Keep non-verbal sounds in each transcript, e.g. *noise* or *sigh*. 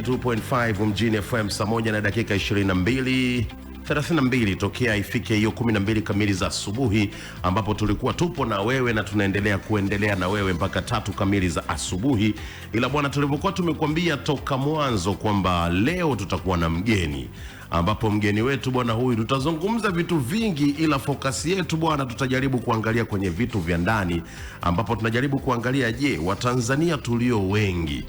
92.5 Mjini FM saa moja na dakika 22 32 tokea ifike hiyo 12 kamili za asubuhi, ambapo tulikuwa tupo na wewe na tunaendelea kuendelea na wewe mpaka tatu kamili za asubuhi. Ila bwana, tulivyokuwa tumekuambia toka mwanzo kwamba leo tutakuwa na mgeni, ambapo mgeni wetu bwana, huyu tutazungumza vitu vingi, ila fokasi yetu bwana, tutajaribu kuangalia kwenye vitu vya ndani, ambapo tunajaribu kuangalia, je, Watanzania tulio wengi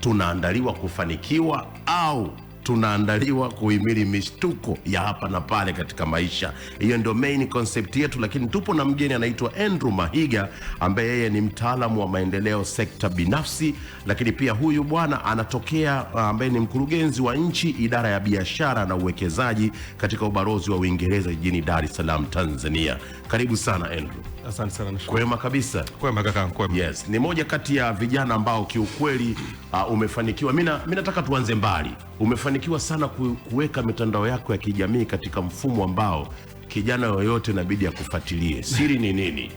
tunaandaliwa kufanikiwa au tunaandaliwa kuhimili mishtuko ya hapa na pale katika maisha. Hiyo ndio main concept yetu, lakini tupo na mgeni anaitwa Andrew Mahiga ambaye yeye ni mtaalamu wa maendeleo sekta binafsi, lakini pia huyu bwana anatokea uh, ambaye ni mkurugenzi wa nchi idara ya biashara na uwekezaji katika ubalozi wa Uingereza jijini Dar es Salaam, Tanzania. Karibu sana Andrew. Asante sana Kwema kabisa. Kwema kaka, kwema. Yes, ni moja kati ya vijana ambao kiukweli uh, umefanikiwa. Mimi nataka tuanze mbali. Umefanikiwa sana kuweka mitandao yako ya kijamii katika mfumo ambao kijana yoyote inabidi akufuatilie. Siri ni nini?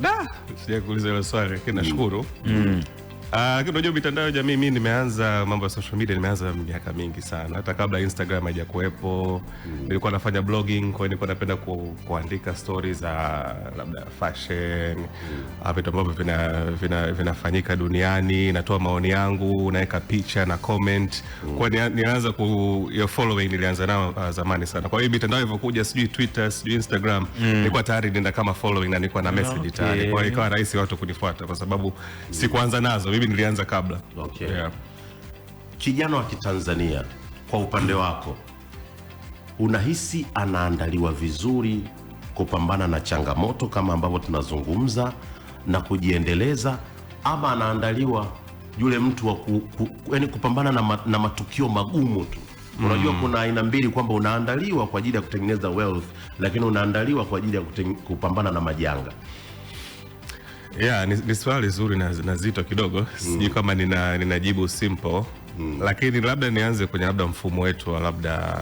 Da, *laughs* sijakuuliza hilo swali, lakini nashukuru. Mm. Mm lakini uh, unajua mitandao ya jamii mimi nimeanza mambo ya social media nimeanza miaka mingi sana, hata kabla Instagram haijakuwepo mm. nilikuwa nafanya blogging, kwa hiyo nilikuwa napenda ku, kuandika stories za labda fashion mm. Ah, vitu ambavyo vina, vina, duniani, natoa maoni yangu, naweka picha na comment mm. kwa hiyo nilianza ku your following nilianza nao uh, zamani sana. Kwa hiyo mitandao ilivyokuja, sijui Twitter sijui Instagram mm. nilikuwa tayari nenda kama following na nilikuwa na message okay. tayari, kwa hiyo ikawa rahisi watu kunifuata kwa sababu mm. sikuanza nazo mimi hivi nilianza kabla. Okay. Yeah. Kijana wa Kitanzania kwa upande wako unahisi anaandaliwa vizuri kupambana na changamoto kama ambavyo tunazungumza na kujiendeleza, ama anaandaliwa yule mtu wa ku, ku, yani kupambana na, ma, na matukio magumu tu? Unajua, mm. kuna aina mbili kwamba unaandaliwa kwa ajili ya kutengeneza wealth, lakini unaandaliwa kwa ajili ya kupambana na majanga. Yeah, ni, ni swali zuri na, na zito kidogo sijui mm. kama nina, ninajibu simple mm. lakini labda nianze kwenye labda mfumo wetu wa labda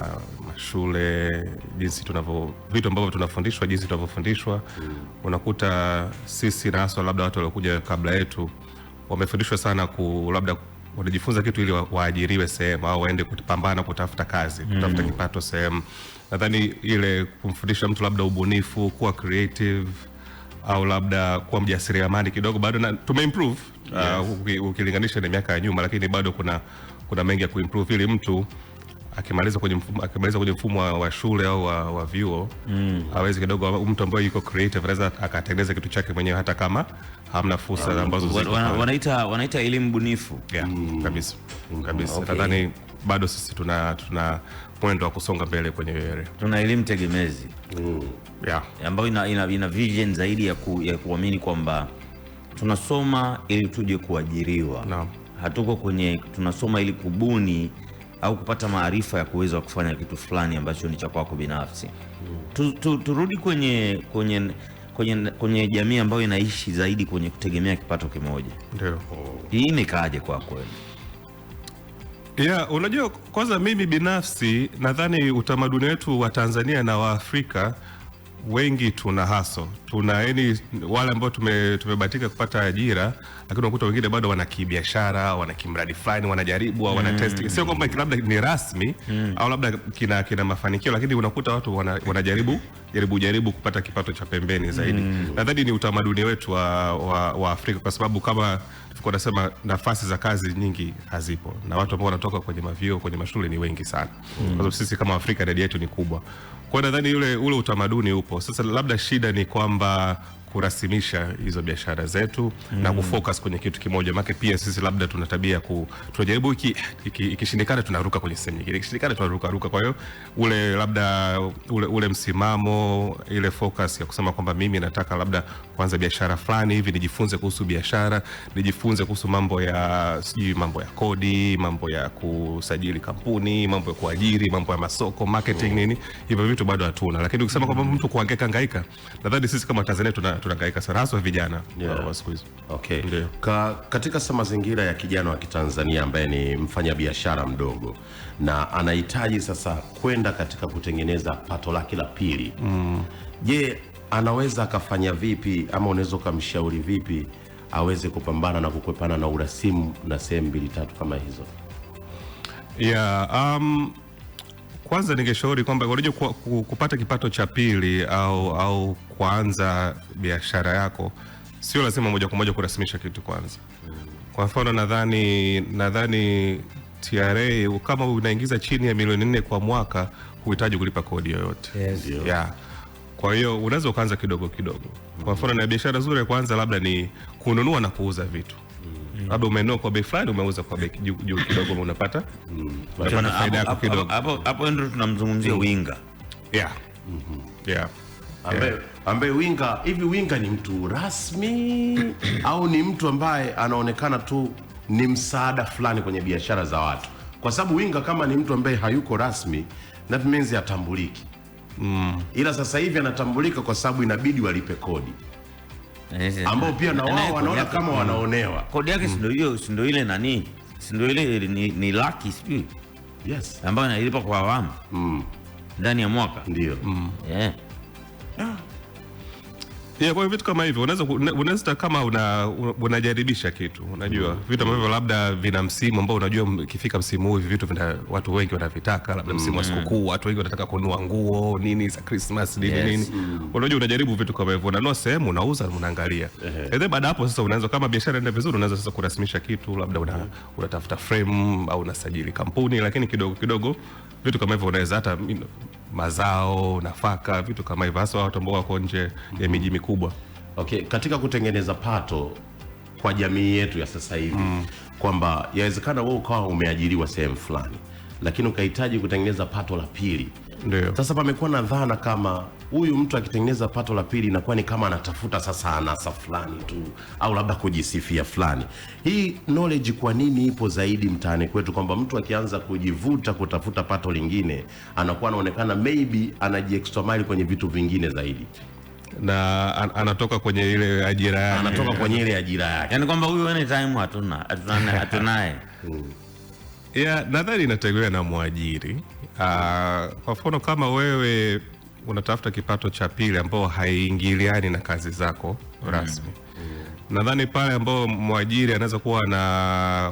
mashule jinsi tunavyo vitu ambavyo tunafundishwa jinsi tunavyofundishwa mm. unakuta sisi na haswa labda watu waliokuja kabla yetu wamefundishwa sana ku labda wanajifunza kitu ili waajiriwe sehemu au waende kupambana kutafuta kazi kutafuta mm. kipato sehemu. Nadhani ile kumfundisha mtu labda ubunifu, kuwa creative au labda kuwa mjasiriamali kidogo bado na tumeimprove uh, yes. Uh, ukilinganisha na miaka ya nyuma, lakini bado kuna kuna mengi ya kuimprove ili mtu akimaliza kwenye mfumo akimaliza kwenye mfumo wa, wa shule au wa, wa vyuo mm. aweze kidogo, mtu ambaye yuko creative anaweza akatengeneza kitu chake mwenyewe hata kama hamna fursa um, ambazo wana, wanaita wanaita elimu bunifu yeah. mm. kabisa mm, kabisa nadhani okay. bado sisi tuna tuna mwendo wa kusonga mbele kwenye hiyo Tuna elimu tegemezi mm. yeah. ambayo ina, ina, ina vision zaidi ya, ku, ya kuamini kwamba tunasoma ili tuje kuajiriwa no. hatuko kwenye tunasoma ili kubuni au kupata maarifa ya kuweza kufanya kitu fulani ambacho ni cha kwako binafsi mm. tu, tu, turudi kwenye kwenye kwenye kwenye jamii ambayo inaishi zaidi kwenye kutegemea kipato kimoja. Ndio. Hii imekaaje kwako wewe? Yeah, unajua kwanza mimi binafsi nadhani utamaduni wetu wa Tanzania na wa Afrika wengi tuna haso tuna yani, wale ambao tume, kupata ajira, lakini unakuta wengine bado wana kibiashara, wana kimradi fulani, wanajaribu au wana hmm. test, sio kwamba labda ni rasmi mm, au labda kina, kina mafanikio, lakini unakuta watu wana, wanajaribu jaribu jaribu kupata kipato cha pembeni zaidi mm. Nadhani ni utamaduni wetu wa, wa, wa Afrika kwa sababu kama nasema nafasi za kazi nyingi hazipo na watu ambao wanatoka kwenye mavio kwenye mashule ni wengi sana mm, kwa sababu sisi kama Afrika idadi yetu ni kubwa. Kwa nadhani yule ule utamaduni upo sasa, labda shida ni kwamba kurasimisha hizo biashara zetu mm. na kufocus kwenye kitu kimoja, maana pia sisi labda tuna tabia ku tunajaribu ikishindikana, iki, iki tunaruka kwenye sehemu nyingine, ikishindikana tunaruka ruka. Kwa hiyo ule labda ule, ule msimamo ile focus ya kusema kwamba mimi nataka labda kuanza biashara fulani hivi, nijifunze kuhusu biashara, nijifunze kuhusu mambo ya sijui mambo ya kodi, mambo ya kusajili kampuni, mambo ya kuajiri, mambo ya masoko, marketing, nini hivyo vitu bado hatuna. Lakini ukisema kwamba mtu kuhangaika hangaika, nadhani sisi kama Tanzania tunahangaika sana, hasa vijana wa siku hizi. Okay, Ka, katika sasa mazingira ya kijana wa Kitanzania ambaye ni mfanyabiashara mdogo na anahitaji sasa kwenda katika kutengeneza pato lake la pili, mm. je, anaweza akafanya vipi ama unaweza ukamshauri vipi aweze kupambana na kukwepana na urasimu na sehemu mbili tatu kama hizo? Yeah, um, kwanza ningeshauri kwamba unajua kupata kipato cha pili au au kuanza biashara yako sio lazima moja kwa moja kurasimisha kitu kwanza. Mm. Kwa mfano nadhani nadhani TRA kama unaingiza chini ya milioni nne kwa mwaka huhitaji kulipa kodi yoyote. Yes. Yeah. Kwa hiyo unaweza ukaanza kidogo kidogo. Kwa mfano na biashara nzuri ya kwanza labda ni kununua na kuuza vitu mm. labda umenunua kwa bei fulani, umeuza kwa bei juu kidogo, unapata mm. faida yako kidogo. Hapo ndio tunamzungumzia mm. winga mm-hmm. ambaye winga hivi, winga ni mtu rasmi *coughs* au ni mtu ambaye anaonekana tu ni msaada fulani kwenye biashara za watu? Kwa sababu winga kama ni mtu ambaye hayuko rasmi, that means atambuliki mm. ila sasa hivi anatambulika kwa sababu inabidi walipe kodi eh, ambao pia na wao wanaona kama mm. wanaonewa. Kodi yake mm. ndio hiyo, si ile nani, si ile ni, ni laki sijui yes, ambayo analipa kwa awamu mm. ndani ya mwaka ndio mm. yeah. Yeah, kwa vitu kama hivyo unaweza unaweza kama una, unajaribisha kitu unajua mm. vitu ambavyo labda vina msimu ambao unajua ikifika msimu huu hivi vitu vina watu wengi wanavitaka labda msimu wa mm. sikukuu watu wengi wanataka kununua nguo nini za Christmas nini yes. nini mm. unajua unajaribu vitu kama hivyo unanua sehemu unauza unaangalia uh-huh. baada hapo sasa unaanza kama biashara inaenda vizuri unaanza sasa kurasimisha kitu labda una, unatafuta frame au unasajili kampuni lakini kidogo kidogo vitu kama hivyo unaweza hata mazao, nafaka, vitu kama hivyo, hasa watu ambao wako nje ya miji mikubwa. Okay, katika kutengeneza pato kwa jamii yetu ya sasa hivi mm. kwamba yawezekana wewe ukawa umeajiriwa sehemu fulani, lakini ukahitaji kutengeneza pato la pili Ndiyo. Sasa pamekuwa na dhana kama huyu mtu akitengeneza pato la pili inakuwa ni kama anatafuta sasa anasa fulani tu au labda kujisifia fulani. Hii knowledge kwa nini ipo zaidi mtaani kwetu kwamba mtu akianza kujivuta kutafuta pato lingine anakuwa anaonekana maybe anajiextramile kwenye vitu vingine zaidi na an anatoka kwenye ile ajira yake, anatoka kwenye ile ajira yake, yani kwamba huyu time hatuna *laughs* hatunaye. Hmm. Yeah, nadhani inategemea na mwajiri Ah, kwa mfano kama wewe unatafuta kipato cha pili ambao haiingiliani na kazi zako mm. rasmi mm. nadhani pale ambao mwajiri anaweza kuwa na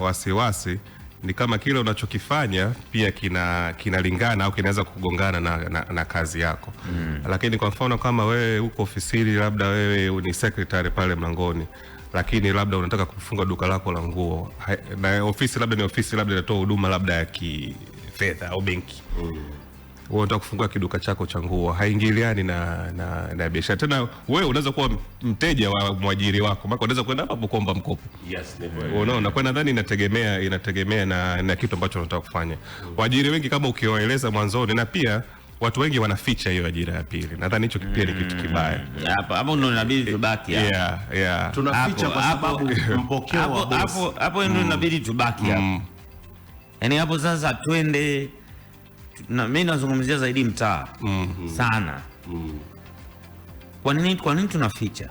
wasiwasi ni kama kile unachokifanya pia kina kinalingana au kinaweza kugongana na, na, na kazi yako mm. Lakini kwa mfano kama wewe uko ofisini, labda wewe ni secretary pale mlangoni, lakini labda unataka kufunga duka lako la nguo na ofisi labda ni ofisi labda inatoa huduma labda ya ki fedha au benki mm. Wewe unataka kufungua kiduka chako cha nguo, haingiliani na na, na biashara tena. Wewe unaweza kuwa mteja wa mwajiri wako, maana unaweza kwenda hapo kuomba mkopo. Yes, ndivyo. Unaona, kwa nadhani inategemea inategemea na, na kitu ambacho unataka kufanya mm. Waajiri wengi kama ukiwaeleza mwanzoni, na pia watu wengi wanaficha hiyo ajira ya pili. Nadhani hicho pia ni kitu kibaya mm. hapa hapa, ndio inabidi tubaki hapa. Yeah, yeah. Tunaficha kwa sababu mpokeo wa hapo hapo ndio mm. inabidi tubaki hapa mm. Yaani hapo sasa twende na mimi nazungumzia zaidi mtaa mm -hmm. sana mm Kwa nini kwa nini tunaficha?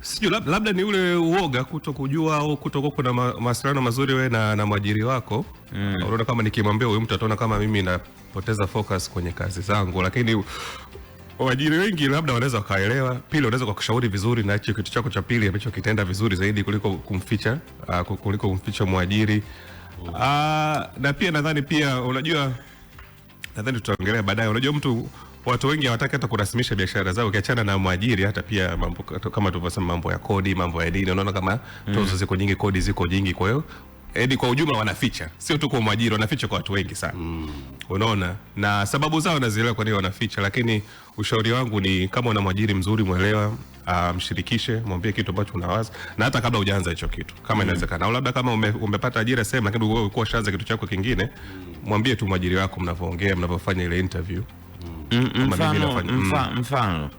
Sijui, labda ni ule uoga kuto kujua au kutokuwa kuna mawasiliano mazuri we na, na mwajiri wako mm. Unaona kama nikimwambia huyu mtu ataona kama mimi napoteza focus kwenye kazi zangu, lakini waajiri wengi labda wanaweza wakaelewa. Pili, wanaweza kukushauri vizuri na hicho kitu chako cha pili ambacho kitenda vizuri zaidi kuliko kumficha uh, kuliko kumficha mwajiri uh, na pia nadhani pia unajua, nadhani tutaongelea baadaye. Unajua mtu watu wengi hawataki hata kurasimisha biashara zao, ukiachana na mwajiri, hata pia mambo kama tulivyosema, mambo ya kodi, mambo ya dini. Unaona kama mm. tozo ziko nyingi, kodi ziko nyingi, kwa hiyo yaani kwa ujumla wanaficha, sio tu kwa mwajiri, wanaficha kwa watu wengi sana mm. Unaona, na sababu zao nazielewa kwa nini wanaficha, lakini ushauri wangu ni kama una mwajiri mzuri, mwelewa, ah, mshirikishe, um, mwambie kitu ambacho unawaza, na hata kabla hujaanza hicho kitu kama mm. inawezekana, au labda kama ume, umepata ajira sema, lakini wewe ulikuwa ushaanza kitu chako kingine, mm. mwambie tu mwajiri wako mnavyoongea, mnavyofanya ile interview mm. mfano, mfano, mm. mfano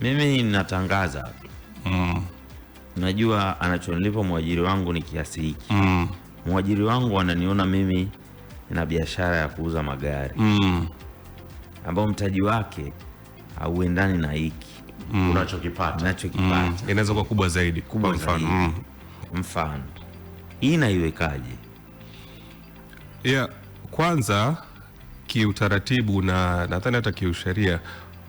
mimi natangaza mm najua anachonilipa mwajiri wangu ni kiasi hiki mm. mwajiri wangu ananiona mimi na biashara ya kuuza magari mm. ambao mtaji wake hauendani na hiki mm. unachokipata nachokipata mm. inaweza kuwa kubwa zaidi kubwa mfano mm. mfano hii naiwekaje ya yeah, kwanza kiutaratibu na nadhani hata kiusheria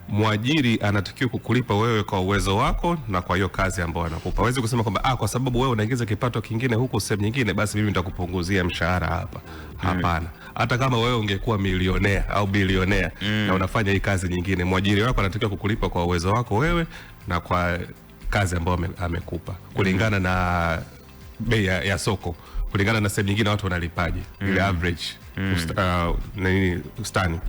mwajiri anatakiwa kukulipa wewe kwa uwezo wako na kwa hiyo kazi ambayo anakupa. Hawezi kusema kwamba ah, kwa sababu wewe unaingiza kipato kingine huku sehemu nyingine, basi mimi nitakupunguzia mshahara hapa. Mm. Hapana. mm. Hata kama wewe ungekuwa milionea au bilionea mm. na unafanya hii kazi nyingine, mwajiri wako anatakiwa kukulipa kwa uwezo wako wewe na kwa kazi ambayo amekupa kulingana mm. na bei ya, ya soko kulingana na sehemu nyingine watu wanalipaje, mm. ile average mm. usta, uh, nini ustani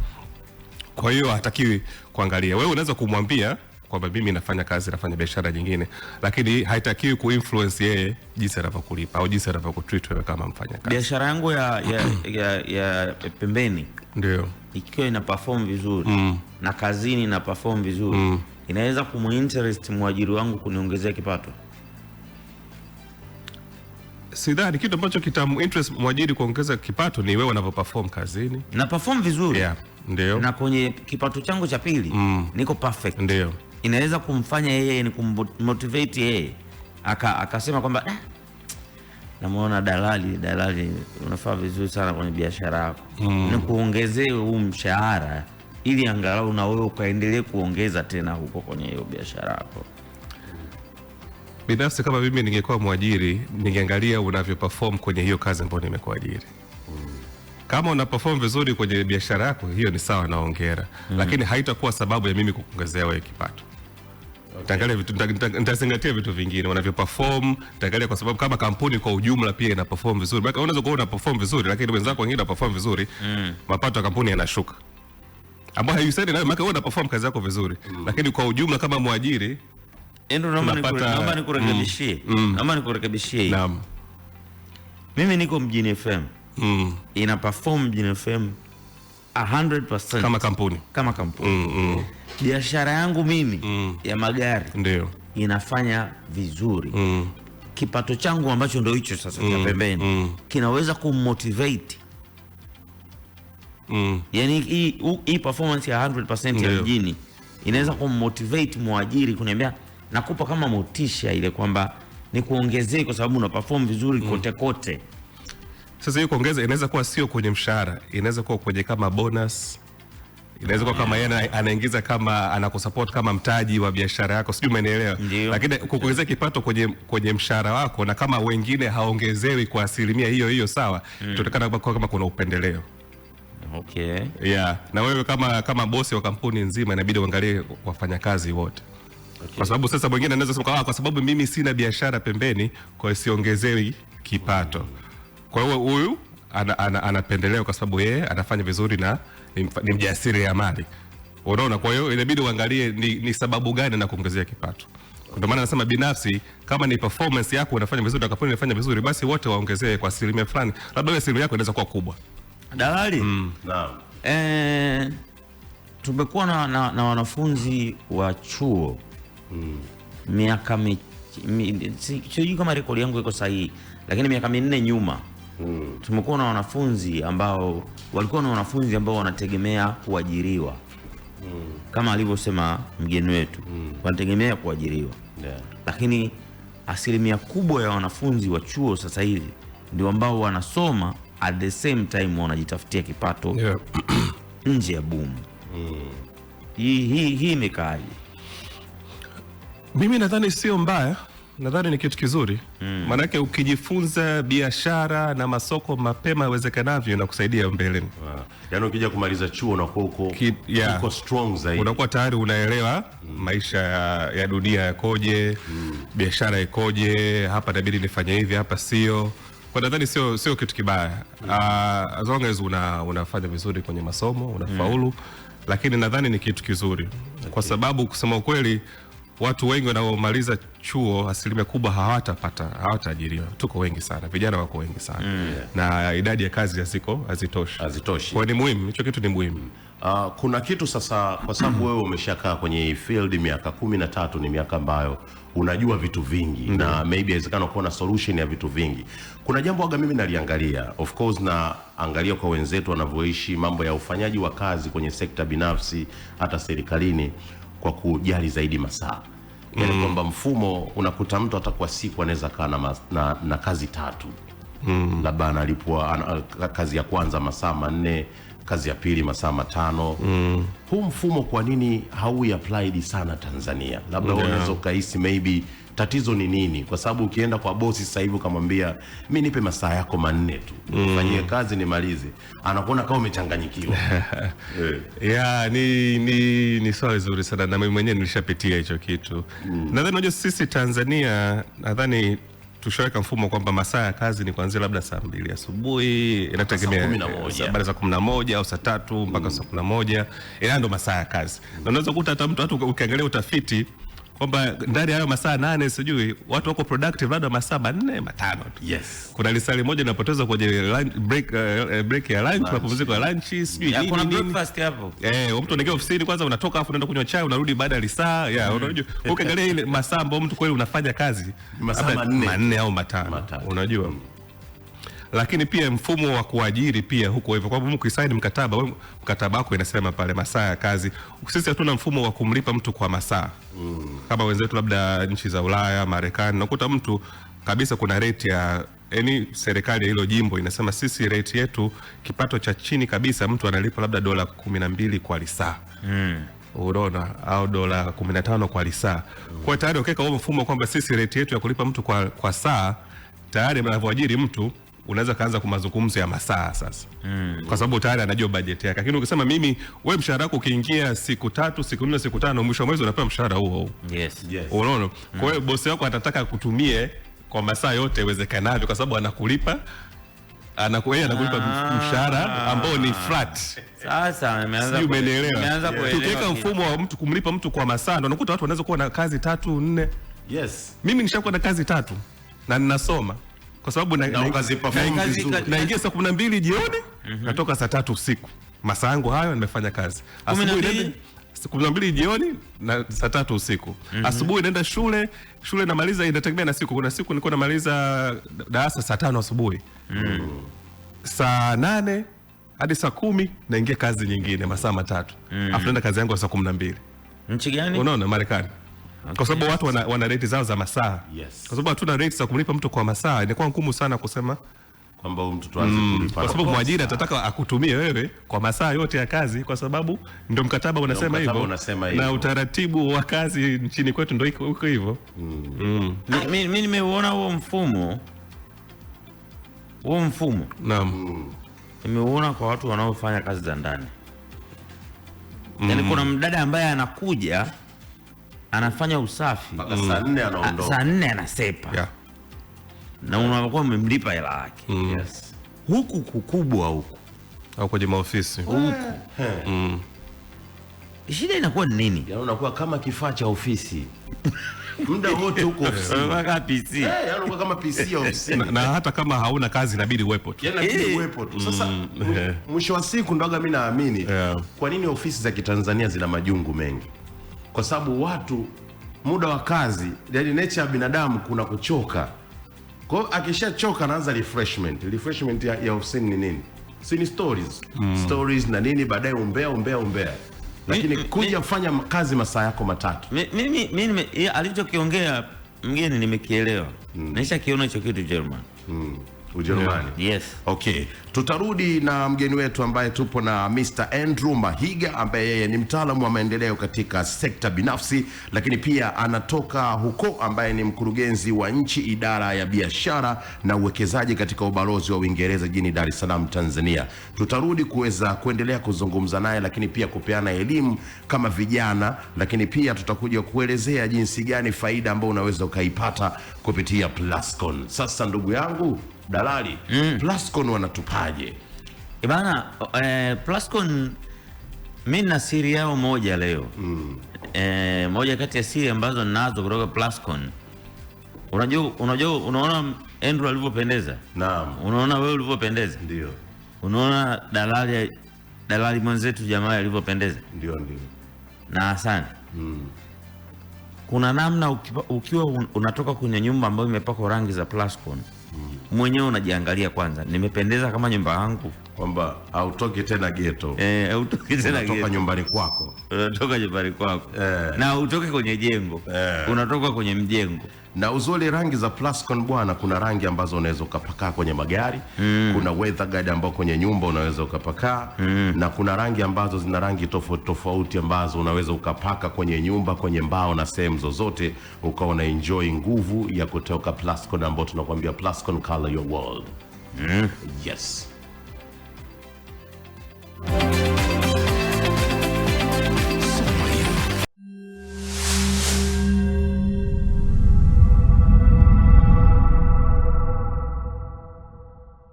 kwa hiyo hatakiwi kuangalia. Wewe unaweza kumwambia kwamba mimi nafanya kazi, nafanya biashara nyingine, lakini haitakiwi kuinfluence yeye jinsi anavyokulipa au jinsi anavyokutreat wewe kama mfanyakazi. Biashara yangu ya, ya, *clears throat* ya, ya pembeni ndio ikiwa ina perform vizuri mm. na kazini ina perform vizuri mm. inaweza kumuinterest mwajiri wangu kuniongezea kipato. Sidhani kitu ambacho kitamu interest mwajiri kuongeza kipato ni wewe perform kazini na perform vizuri yeah. Ndiyo. na kwenye kipato changu cha pili mm. niko perfect. Ndiyo. inaweza kumfanya yeye ni kummotivate yeye akasema kwamba ah, namwona dalali dalali, unafaa vizuri sana kwenye biashara yako mm. kuongezee huu mshahara ili angalau na wewe ukaendelee kuongeza tena huko kwenye hiyo biashara yako. Binafsi kama mimi ningekuwa mwajiri, ningeangalia unavyo perform kwenye hiyo kazi ambayo nimekuajiri. Kama una perform vizuri kwenye biashara yako, hiyo ni sawa na hongera mm. Lakini haitakuwa sababu ya mimi kukuongezea wewe kipato. Okay. Nitazingatia vitu vingine wanavyo perform, nitaangalia kwa sababu kama kampuni kwa ujumla pia ina perform vizuri. Maana unaweza kuona perform vizuri lakini wenzako wengine perform vizuri mm. mapato ya kampuni yanashuka ambayo haiusaidi nayo, maana wewe una perform kazi yako vizuri mm. lakini kwa ujumla kama mwajiri endo, yaani naomba nikurekebishie. Mm. Mm. Naomba nikurekebishie. Naam. Mimi niko Mjini FM. Mm mm. ina perform Jina FM 100% kama kampuni, kama kampuni mm, mm. biashara yangu mimi mm. ya magari ndio inafanya vizuri mm. kipato changu ambacho ndio hicho sasa mm. pembeni mm. kinaweza kummotivate mm. yani hii hii performance ya 100% ya mjini inaweza kummotivate mwajiri kuniambia, nakupa kama motisha ile kwamba nikuongezee kwa sababu una perform vizuri mm. kote kote. Sasa hiyo kuongeza inaweza kuwa sio kwenye mshahara, inaweza kuwa kwenye kama bonus, inaweza kuwa kama yeye anaingiza kama anakusupport kama mtaji wa biashara yako, sijui umeelewa. Lakini kukuongezea kipato kwenye, kwenye mshahara wako na kama wengine haongezewi kwa asilimia hiyo hiyo sawa, hmm. tutakana kwa kama kuna upendeleo okay. Yeah. Na wewe kama, kama bosi wa kampuni nzima inabidi uangalie wafanyakazi wote Okay. Kwa sababu sasa mwingine anaweza kusema ah, kwa sababu mimi sina biashara pembeni, kwa hiyo siongezewi kipato. Kwa hiyo huyu anapendelewa kwa sababu yeye anafanya vizuri na ni mali unaona. Kwa hiyo inabidi uangalie ni, ni sababu gani na kuongezea kipato. Ndio maana nasema binafsi, kama ni performance yako unafanya vizuri na kampuni inafanya vizuri, basi wote waongezee kwa asilimia fulani, labda ile asilimia yako inaweza kuwa kubwa. Dalali, mm. Naam. Eh, tumekuwa na, na, na wanafunzi wa chuo mm. miaka mi, mi, sijui kama rekodi yangu iko sahihi, lakini miaka minne nyuma mm. tumekuwa na wanafunzi ambao walikuwa na wanafunzi ambao wanategemea kuajiriwa mm. kama alivyosema mgeni wetu mm. wanategemea kuajiriwa yeah. Lakini asilimia kubwa ya wanafunzi wa chuo sasa hivi ndio ambao wanasoma at the same time wanajitafutia kipato yeah. *clears throat* nje ya boom mm. hii hii hii Mimi nadhani sio mbaya nadhani ni kitu kizuri mm. Maanake ukijifunza biashara na masoko mapema awezekanavyo inakusaidia mbeleni. Wow. yani ukija kumaliza chuo unakuwa uko, yeah. strong zaidi, unakuwa tayari unaelewa mm. maisha ya, ya dunia yakoje mm. biashara ikoje, hapa nabidi nifanye hivi, hapa sio kwa nadhani sio sio kitu kibaya mm. Uh, as long as una unafanya vizuri kwenye masomo unafaulu mm. Lakini nadhani ni kitu kizuri okay. Kwa sababu kusema ukweli watu wengi wanaomaliza chuo asilimia kubwa hawatapata hawataajiriwa. Tuko wengi sana, vijana wako wengi sana mm. na idadi ya kazi haziko hazitoshi hazitoshi, kwa ni muhimu hicho kitu ni muhimu. Uh, kuna kitu sasa, kwa sababu wewe umeshakaa kwenye field miaka kumi na tatu, ni miaka ambayo unajua vitu vingi mm -hmm. na maybe inawezekana kuwa na solution ya vitu vingi. Kuna jambo aga mimi naliangalia, of course naangalia kwa wenzetu wanavyoishi mambo ya ufanyaji wa kazi kwenye sekta binafsi hata serikalini kwa kujali zaidi masaa yani mm. kwamba mfumo unakuta mtu atakuwa siku anaweza kaa na, na, na kazi tatu mm. labda analipwa kazi ya kwanza masaa manne kazi ya pili masaa matano mm. huu mfumo kwa nini hauiapplied sana Tanzania labda yeah. unaweza ukahisi maybe tatizo ni nini, kwa sababu ukienda kwa bosi sasa hivi ukamwambia mi nipe masaa yako manne tu nifanyie mm. kazi nimalize, anakuona kama umechanganyikiwa yeah. *laughs* yeah, ni, ni, ni swali zuri sana na mimi mwenyewe nilishapitia hicho kitu mm. nadhani unajua sisi Tanzania nadhani tushaweka mfumo kwamba masaa ya kazi ni kuanzia labda saa mbili asubuhi inategemea baada za kumi na moja au saa tatu mpaka mm. saa kumi na moja ila ndo masaa ya kazi mm. na unaweza kukuta hata mtu hata ukiangalia utafiti kwamba ndani hayo masaa nane sijui watu wako productive labda masaa manne matano tu. Yes. Kuna lisali moja inapoteza kwenye lunch break, uh, break ya lunch, mapumziko ya lunch, sijui nini. Kuna breakfast hapo. Eh, mtu anaingia ofisini kwanza unatoka afu unaenda kunywa chai unarudi baada ya lisaa. Yeah, mm-hmm. unajua. Ukiangalia ile masaa ambayo mtu kweli unafanya kazi masaa manne au matano. Unajua. Mm lakini pia mfumo wa kuajiri pia huko hivyo, kwa sababu mkisaini mkataba, wewe mkataba wako inasema pale masaa ya kazi. Sisi hatuna mfumo wa kumlipa mtu kwa masaa mm. kama wenzetu labda nchi za Ulaya, Marekani, nakuta mtu kabisa kuna rate ya yani, serikali ya hilo jimbo inasema sisi rate yetu kipato cha chini kabisa mtu analipa labda dola 12 kwa lisaa mm. urona au dola 15 kwa lisaa. Kwa tayari ukiweka huo mfumo kwamba sisi rate yetu ya kulipa mtu kwa, kwa saa tayari anavyoajiri mtu unaweza kaanza kumazungumzo ya masaa sasa mm. kwa sababu tayari anajua bajeti yake. Lakini ukisema mimi, we mshahara wako ukiingia siku tatu, siku nne, siku tano, mwisho wa mwezi unapewa mshahara huo huo. Yes, yes. Unaona, kwa hiyo mm. bosi wako atataka kutumie kwa masaa yote iwezekanavyo, kwa sababu anakulipa anakuwa anakulipa ah. mshahara ambao ni flat. Sasa ameanza Ameanza kuelewa. Tukiweka mfumo wa mtu kumlipa mtu kwa masaa, ndio unakuta watu wanaweza kuwa na kazi tatu nne. Yes, mimi nishakuwa na kazi tatu na ninasoma kwa sababu yaani naingia saa kumi na mbili jioni mhm. natoka saa tatu usiku. Masaa yangu hayo nimefanya kazi kumi na mbili jioni na saa tatu usiku mm -hmm. Asubuhi naenda shule, shule namaliza, inategemea na siku. Kuna siku nilikuwa namaliza darasa saa tano asubuhi mm. saa nane hadi saa kumi naingia kazi nyingine, masaa matatu mm. afu naenda kazi yangu saa kumi na mbili. Nchi gani? Unaona, Marekani. Kwa sababu watu wana, wana rate zao za masaa yes. Kwa sababu hatuna rate za kumlipa mtu kwa masaa, inakuwa ngumu sana kusema kwamba huyu mtoto aanze mm, kulipa, kwa sababu mwajiri atataka akutumie wewe kwa masaa yote ya kazi, kwa sababu ndio mkataba unasema hivyo na utaratibu wa kazi nchini kwetu ndio uko hivyo. Mimi mm. Mm. nimeuona huo mfumo huo mfumo, naam, nimeuona kwa watu wanaofanya kazi za ndani, yaani kuna mdada ambaye anakuja anafanya usafi mm. saa nne anasepa na unakuwa umemlipa hela yake mm. yes. huku kukubwa huku au kwenye maofisi huku eh. mm. shida inakuwa ni nini? Yaani unakuwa kama kifaa cha ofisi *laughs* muda wote huko ofisini mpaka PC. Eh, yaani unakuwa kama PC ofisini. Na, na hata kama hauna kazi inabidi uwepo tu. Yaani inabidi uwepo tu. Sasa mm. mwisho wa siku ndoga mimi naamini yeah. Kwa nini ofisi za Kitanzania zina majungu mengi? kwa sababu watu muda wa kazi, yani nature ya binadamu kuna kuchoka. Kwa hiyo akishachoka anaanza refreshment. Refreshment ya, ya ofisini ni nini? Si ni stories. Mm. Stories na nini, baadaye umbea umbea umbea lakini mi, kuja mi, fanya kazi masaa yako matatu. Mimi mimi alichokiongea mgeni nimekielewa, mm. naisha kiona hicho kitu Jerman mm. Ujerumani. Yes. Okay. Tutarudi na mgeni wetu ambaye tupo na Mr. Andrew Mahiga ambaye yeye ni mtaalamu wa maendeleo katika sekta binafsi, lakini pia anatoka huko, ambaye ni mkurugenzi wa nchi idara ya biashara na uwekezaji katika ubalozi wa Uingereza jijini Dar es Salaam, Tanzania. Tutarudi kuweza kuendelea kuzungumza naye, lakini pia kupeana elimu kama vijana, lakini pia tutakuja kuelezea jinsi gani faida ambayo unaweza ukaipata kupitia Plascon. Sasa ndugu yangu dalali mm. Plascon wanatupaje e bana eh, Plascon mi na siri yao moja leo mm. eh, moja kati ya siri ambazo nazo kutoka Plascon unajua unajua unaona Andrew alivyopendeza naam unaona wewe ulivyopendeza ndio unaona dalali dalali mwenzetu jamaa alivyopendeza ndio ndio na asante mm. kuna namna ukiwa unatoka kwenye nyumba ambayo imepakwa rangi za Plascon mwenyewe unajiangalia kwanza, nimependeza kama nyumba yangu kwamba hautoki tena geto, eh, hautoki tena geto, unatoka nyumbani kwako, unatoka nyumbani kwako eh, na hautoki kwenye jengo eh, unatoka kwenye mjengo. Na uzuri rangi za Plascon bwana, kuna rangi ambazo unaweza ukapakaa kwenye magari mm. Kuna weather guard ambao kwenye nyumba unaweza ukapakaa mm. Na kuna rangi ambazo zina rangi tofauti tofauti ambazo unaweza ukapaka kwenye nyumba, kwenye mbao na sehemu zozote, ukawa na enjoy nguvu ya kutoka Plascon ambao tunakwambia Plascon color your world mm. Yes. Música